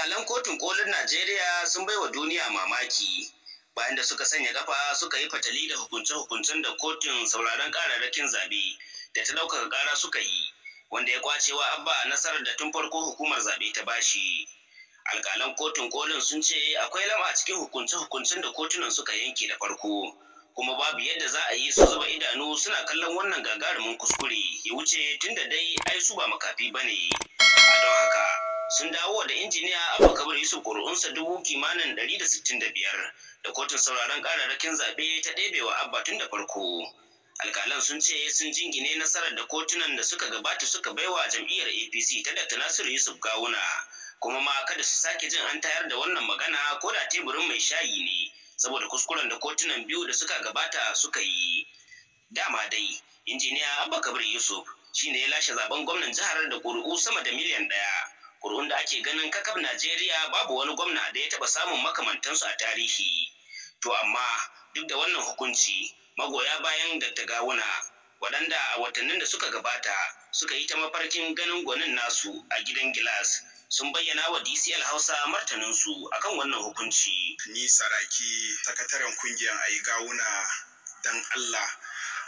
Alƙalan kotun kolin Najeriya sun baiwa duniya mamaki bayan da suka sanya kafa suka yi fatali da hukunce-hukuncen da kotun sauraron kararrakin zabe da ta ɗaukaka ƙara suka yi wanda ya kwace wa abba nasarar da tun farko hukumar zabe ta bashi alƙalan kotun kolin sun ce akwai lama a cikin hukunce-hukuncen da kotunan suka yanke da farko kuma babu yadda za a yi su zuba idanu suna kallon wannan gagarumin kuskure ya wuce tun da dai ai su ba makafi bane a don haka sun dawo da injiniya abubakar yusuf ƙuri'unsa dubu kimanin ɗari da sittin da biyar da kotun sauraron kararrakin zaɓe ta ɗebewa abba tun da farko alkalan sun ce sun jingine nasarar da kotunan da suka gabata suka baiwa jam'iyyar apc ta dr nasiru yusuf gawuna kuma ma kada su sake jin an tayar da wannan magana ko da teburin mai shayi ne saboda kuskuren da kotunan biyu da suka gabata suka yi dama dai injiniya abba kabir yusuf shine ya lashe zaben gwamnan jihar da ƙuri'u sama da miliyan ɗaya kur'un da ake ganin kakaf Najeriya babu wani gwamna da ya taɓa samun makamantansu a tarihi. To amma duk da wannan hukunci magoya bayan da ta Gawuna waɗanda a watannin da suka gabata suka yi ta mafarkin ganin gwanin nasu a gidan gilas sun bayyana wa DCL Hausa martaninsu akan wannan hukunci. Ni saraki sakataren kungiyar ayi gawuna dan Allah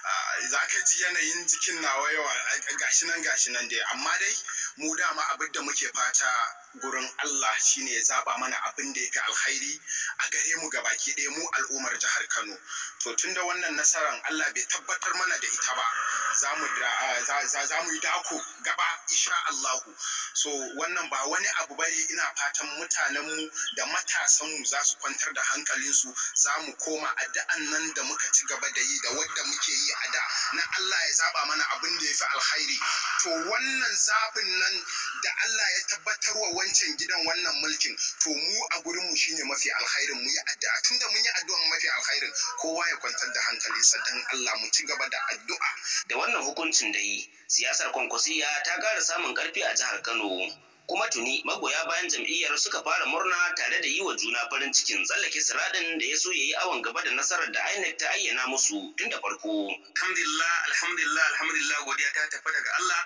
Ah, za ka ji yanayin jikin nawa yawa gashi nan gashi nan dai amma dai mu dama abin da muke fata gurin Allah shine ya zaba mana abin da ya fi alkhairi a gare mu gabaki ɗaya mu al'ummar jihar Kano to tunda wannan nasarar Allah bai tabbatar mana da ita ba za mu yi dako gaba insha Allahu so wannan ba wani abu bane ina fatan mutanen mu da matasan mu za su kwantar da hankalin su za mu koma addu'an nan da muka ci gaba da yi da wadda muke yi a da na Allah ya zaba mana abin da ya fi alkhairi to wannan zaɓin nan da Allah ya tabbatar wa wancan gidan wannan mulkin to mu a gurin mu shine mafi alkhairin mu yi addu'a tunda mun yi addu'a mafi alkhairin kowa ya kwantar da hankalinsa dan Allah mu ci gaba da addu'a da wannan hukuncin da yi siyasar kwankwasiya ta gara samun ƙarfi a jihar Kano kuma tuni magoya bayan jam'iyyar suka fara murna tare da yi wa juna farin cikin tsallake siradin da ya so ya yi awon gaba da nasarar da INEC ta ayyana musu tun da farko. Alhamdulillah, alhamdulillah, alhamdulillah godiya ta tafi daga Allah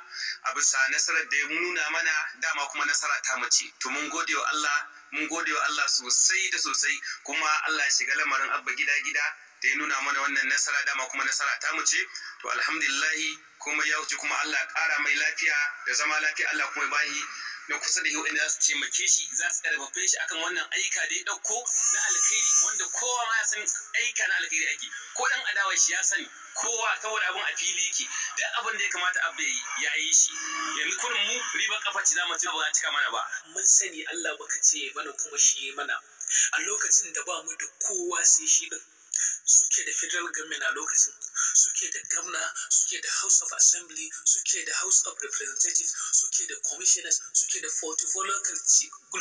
a bisa nasarar da ya nuna mana dama kuma nasara ta mace. To mun gode wa Allah, mun gode wa Allah sosai da sosai kuma Allah ya shiga lamarin abba gida-gida da ya nuna mana wannan nasara dama kuma nasara ta mace. To alhamdulillahi kuma ya wuce kuma Allah ya ƙara mai lafiya da zama lafiya Allah kuma ya bahi na kusa da yau za su taimake shi za su karfafe shi akan wannan aika da ya dauko na alkhairi wanda kowa ma ya san aika na alkhairi ake ko dan adawa shi ya sani kowa saboda abin a fili yake duk abin da ya kamata abu ya yi shi yanzu kurin mu riba kafa ci za mu ci ba za cika mana ba mun sani Allah baka ce mana kuma shi mana a lokacin da ba mu da kowa sai shi din suke da federal government a lokacin suke da gamna suke da house of assembly suke da house of representatives suke da commissioners suke da 44 local,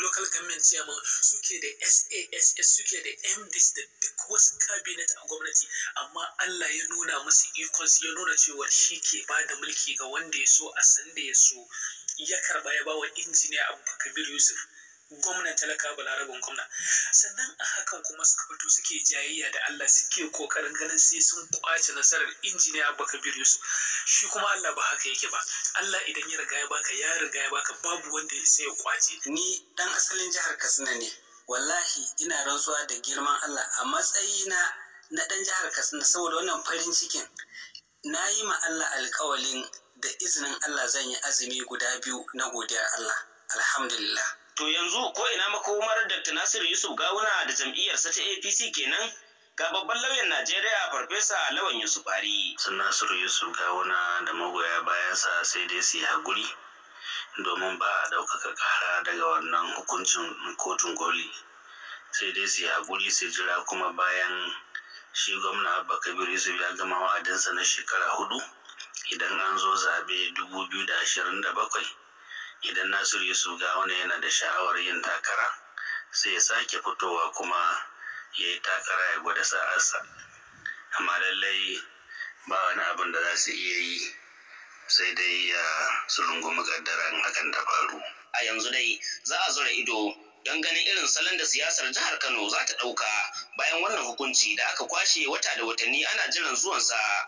local government chairman suke da sass suke da mds da duk wasu cabinet a gwamnati amma allah ya nuna musu ikon ya nuna cewa shi ke ba da mulki ga wanda ya so a sanda ya so ya karba ya ba wa injiniya abubakar yusuf gwamnan talaka balarabin gwamna sannan a hakan kuma suka fito suke jayayya da Allah suke kokarin ganin sai sun kwace nasarar injiniya Abubakar Yusuf shi kuma Allah ba haka yake ba Allah idan ya riga ya baka ya riga ya baka babu wanda ya sai kwace ni dan asalin jihar Katsina ne wallahi ina rantsuwa da girman Allah a matsayina na dan jihar Katsina saboda wannan farin cikin na yi ma Allah alkawalin da izinin Allah zan yi azumi guda biyu na godiyar Allah alhamdulillah to yanzu ko ina makomar dr Nasir yusuf gawuna da jam'iyyarsa ta apc kenan ga babban lauyan najeriya farfesa lawan yusuf ari sun Nasir yusuf gawuna da magoya bayansa sai dai su yi haguri domin ba a ɗaukaka kara daga wannan hukuncin kotun koli sai dai su yi haguri su jira kuma bayan shi gwamna abba kabir yusuf ya gama wa'adinsa na shekara hudu idan an zo zaɓe bakwai. idan nasiru yusuf ga wani yana da sha'awar yin takara sai ya sake fitowa kuma ya yi takara ya gwada sa'arsa amma lallai ba wani abin da za su iya yi sai dai ya sulungu kaddaran hakan da faru a yanzu dai za a zura ido don ganin irin salon da siyasar jihar kano za ta ɗauka bayan wannan hukunci da aka kwashe wata da watanni ana jiran zuwansa